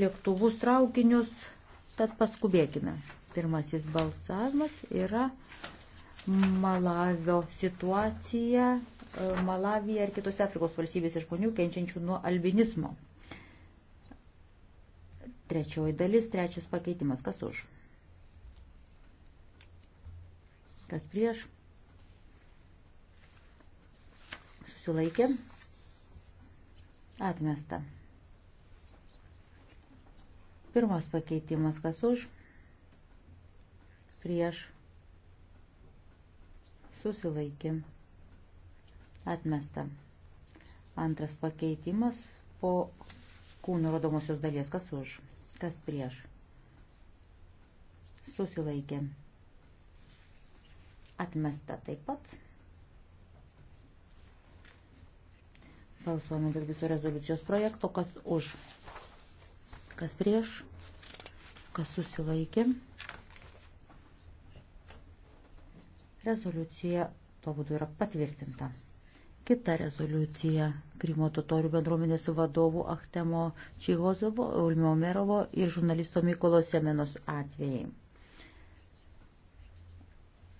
lėktuvus, traukinius, tad paskubėkime. Pirmasis balsavimas yra Malavio situacija, e, Malavija ir kitose Afrikos valstybėse žmonių kenčiančių nuo albinizmo. Trečioji dalis, trečias pakeitimas. Kas už? Kas prieš? Susilaikė. Atmesta. Pirmas pakeitimas, kas už, prieš, susilaikė, atmesta. Antras pakeitimas po kūno rodomosios dalies, kas už, kas prieš, susilaikė, atmesta taip pat. Balsuojame dėl viso rezoliucijos projekto, kas už kas prieš, kas susilaikė. Rezoliucija tuo būdu yra patvirtinta. Kita rezoliucija Krymo totorių bendruomenės vadovų Achtemo Čigozovo, Ulmio Merovo ir žurnalisto Mykolo Semenos atvejai.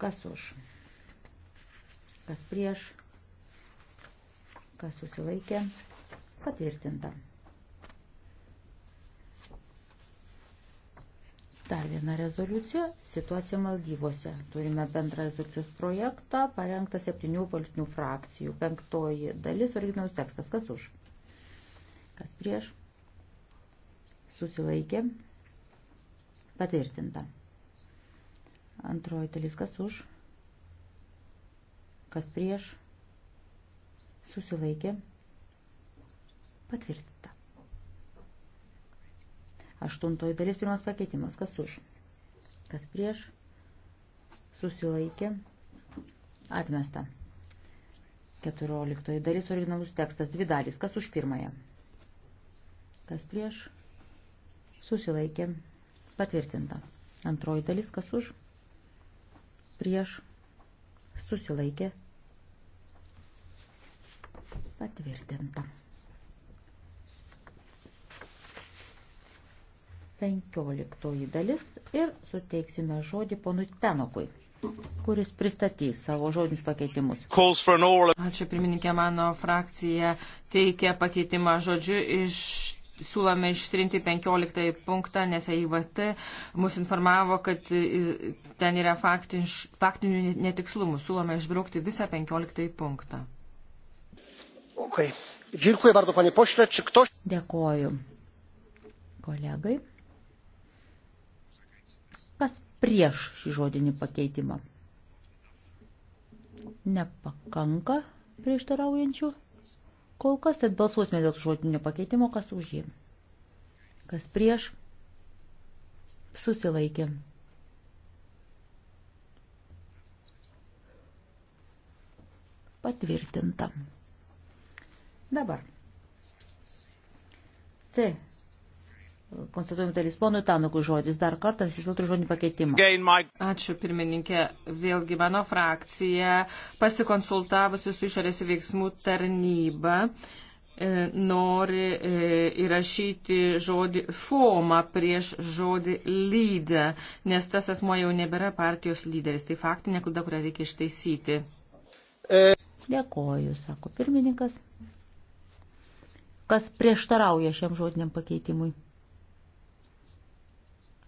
Kas už? Kas prieš? Kas susilaikė? Patvirtinta. Dar viena rezoliucija - situacija Maldyvose. Turime bendrą rezoliucijos projektą, parengtą septynių politinių frakcijų. Penktoji dalis - originalus tekstas. Kas už? Kas prieš? Susilaikė. Patvirtinta. Antroji dalis - kas už? Kas prieš? Susilaikė. Patvirtinta. Aštuntoji dalis pirmas pakeitimas. Kas už? Kas prieš? Susilaikė. Atmesta. Keturioliktoji dalis originalus tekstas. Dvi dalis. Kas už pirmąją? Kas prieš? Susilaikė. Patvirtinta. Antroji dalis. Kas už? Prieš. Susilaikė. Patvirtinta. 15 dalis ir suteiksime žodį ponui Tenokui kuris pristatys savo žodžius pakeitimus. Ačiū pirmininkė, mano frakcija teikia pakeitimą žodžiu iš siūlome ištrinti 15 punktą, nes EIVT mus informavo, kad ten yra faktinš, faktinių netikslumų. Siūlome išbraukti visą 15 punktą. Okay. Dėkuoju, vardu, panie pošlė, či ktoš... Dėkuoju kolegai. Kas prieš šį žodinį pakeitimą? Nepakanka prieštaraujančių. Kol kas, tad balsuosime dėl žodinio pakeitimo, kas už jį. Kas prieš? Susilaikė. Patvirtinta. Dabar. C Konstatuojam dalis ponui Tanukui žodis. Dar kartą jis įsiltų žodį pakeitimą. Ačiū pirmininkė. Vėlgi mano frakcija pasikonsultavusi su išorės veiksmų tarnyba e, nori e, įrašyti žodį FOMA prieš žodį lyder, nes tas asmo jau nebėra partijos lyderis. Tai faktinė klaida, kurią reikia ištaisyti. E- Dėkoju, sako pirmininkas. Kas prieštarauja šiam žodiniam pakeitimui?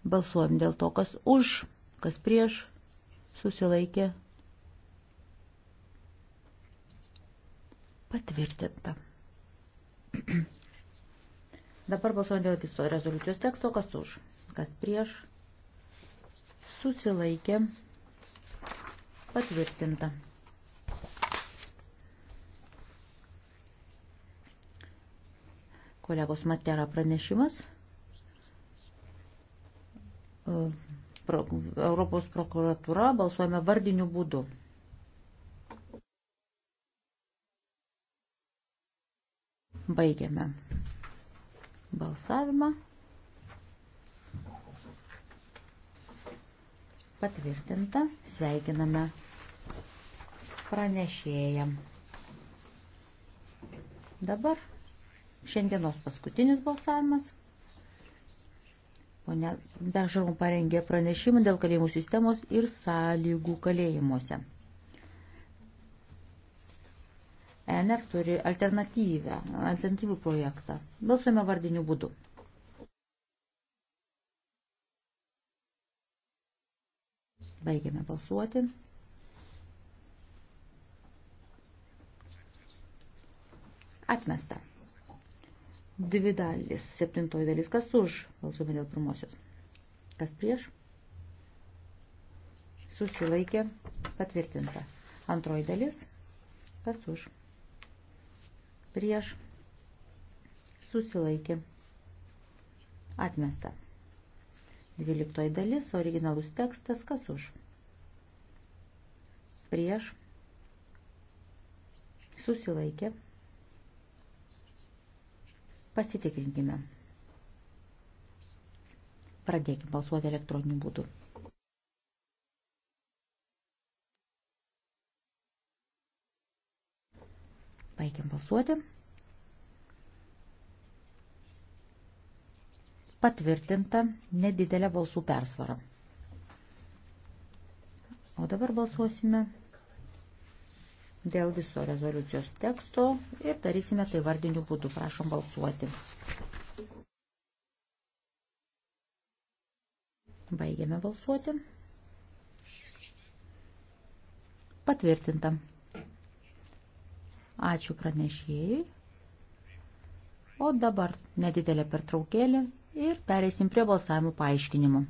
Balsuojam dėl to, kas už, kas prieš, susilaikė. Patvirtinta. Dabar balsuojam dėl viso rezoliucijos teksto, kas už, kas prieš, susilaikė, patvirtinta. Kolegos Matera pranešimas. pro, Europos prokuratūra balsuojame vardiniu būdu. Baigiame balsavimą. Patvirtinta, sveikiname pranešėją. Dabar šiandienos paskutinis balsavimas. Pone Dašarum parengė pranešimą dėl kalėjimų sistemos ir sąlygų kalėjimuose. ENF turi alternatyvę, alternatyvų projektą. Balsuojame vardiniu būdu. Baigiame balsuoti. Atmesta. Dvi dalis. Septintoji dalis. Kas už? Balsuojame dėl pirmosios. Kas prieš? Susilaikė. Patvirtinta. Antroji dalis. Kas už? Prieš. Susilaikė. Atmesta. Dvyliktoji dalis. Originalus tekstas. Kas už? Prieš. Susilaikė. Susilaikė Pasitikrinkime. Pradėkime balsuoti elektroniniu būdu. Baigiam balsuoti. Patvirtinta nedidelė balsų persvara. O dabar balsuosime dėl viso rezoliucijos teksto ir darysime tai vardiniu būdu. Prašom balsuoti. Baigiame balsuoti. Patvirtinta. Ačiū pranešėjai. O dabar nedidelė pertraukėlė ir pereisim prie balsavimų paaiškinimų.